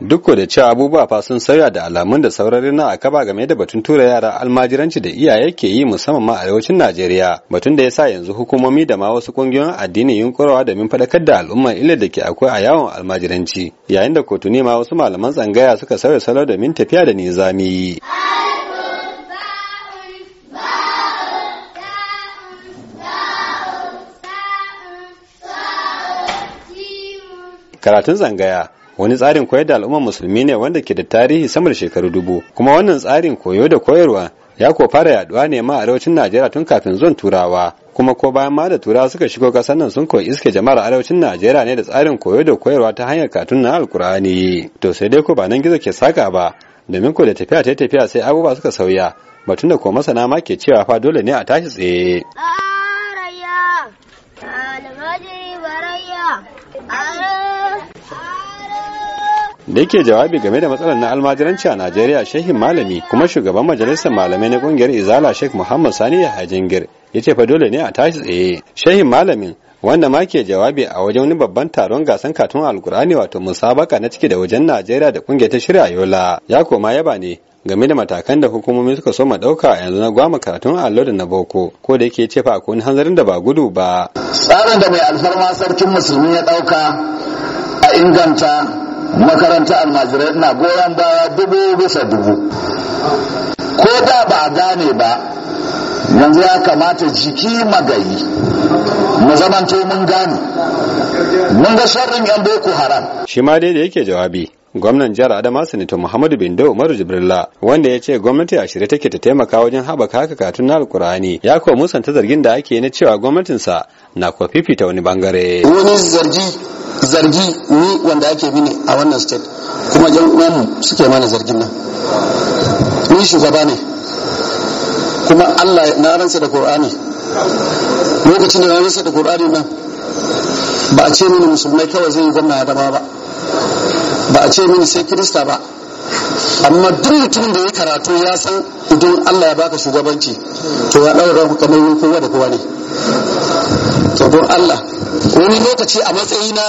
duk da cewa abubuwa fa sun sauya da alamun da saurari na a kaba game da batun tura yara almajiranci da iyaye ke yi musamman ma arewacin Najeriya batun da ya sa yanzu hukumomi da ma wasu kungiyoyin addini yunkurawa domin faɗakar da al'umma illar da ke akwai a yawon almajiranci yayin da kotuni ma wasu malaman tsangaya suka sauya salo domin tafiya da nizami. Karatun zangaya wani tsarin koyar da al'ummar musulmi ne wanda ke da tarihi sama da shekaru dubu kuma wannan tsarin koyo da koyarwa ya ko fara yaduwa ne ma arewacin najeriya tun kafin zuwan turawa kuma ko bayan ma da turawa suka shigo kasar nan sun koyi iske jama'ar arewacin najeriya ne da tsarin koyo da koyarwa ta hanyar katun na alkur'ani to sai dai ko ba nan gizo ke saka ba domin ko da tafiya ta tafiya sai abubuwa suka sauya batun da ko masana ma ke cewa fa dole ne a tashi tsaye da yake jawabi game da matsalar na almajiranci a Najeriya shehin malami kuma shugaban majalisar malamai na kungiyar Izala Sheikh Muhammad Sani ya hajingir ya ce fa dole ne a tashi tsaye shehin malamin wanda ma ke jawabi a wajen wani babban taron gasan katun alkurani wato musabaka na ciki da wajen Najeriya da kungiyar ta shirya Yola ya koma yaba ne game da matakan da hukumomi suka so ma ɗauka yanzu na gwama karatun allo da na boko ko da yake cefa akwai hanzarin da ba gudu ba. tsarin da mai alfarma sarkin musulmi ya ɗauka a inganta makaranta almajirai na goyon baya dubu bisa dubu ko da ba a gane ba yanzu ya kamata jiki magayi mu zamanto mun gane mun ga sharrin yan boko haram shi ma dai da yake jawabi gwamnan jihar adama sanita muhammadu bindo umar jibrilla wanda ya ce gwamnati a shirye take ta taimaka wajen haɓaka haka katun na alkur'ani ya kuwa musanta zargin da ake na cewa gwamnatinsa na kuwa fifita wani bangare wani zargi zargi ni wanda ake mini a wannan state kuma jan uwanmu suke mana zargin nan ni shugaba ne kuma allah na ransa da qur'ani lokacin da na ransa da qur'ani nan ba a ce mini musulmai kawai zai yi gwamna adama ba ba a ce mini sai kirista ba amma duk mutumin da ya karatu ya san idan Allah ya baka shugabanci to ya ɗaura ku kamar yin kowa da kowa ne to don Allah wani lokaci a matsayi na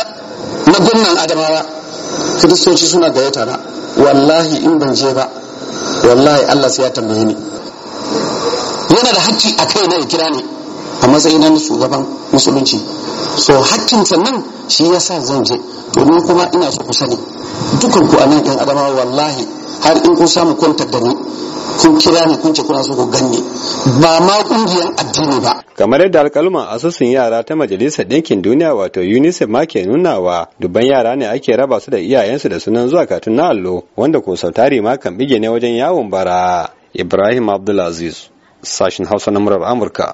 na gunnan adamawa kiristoci suna gayyata na wallahi in ban je ba wallahi Allah sai ya tambaye ni yana da hakki a kai na ya kira ni a matsayin na shugaban musulunci so hakkin sannan shi ya sa zan je domin kuma ina so ku sani dukan ku a nan yan adamawa wallahi har in kun samu kwantar da ni kun kira ni kun ce kuna so ku ganni ba ma kungiyar addini ba kamar yadda alkaluma asusun yara ta majalisar ɗinkin duniya wato unicef ma ke nunawa dubban yara ne ake raba su da iyayensu da sunan zuwa katun na allo wanda ko sautari ma kan bige ne wajen yawon bara ibrahim abdulaziz sashin hausa na murar amurka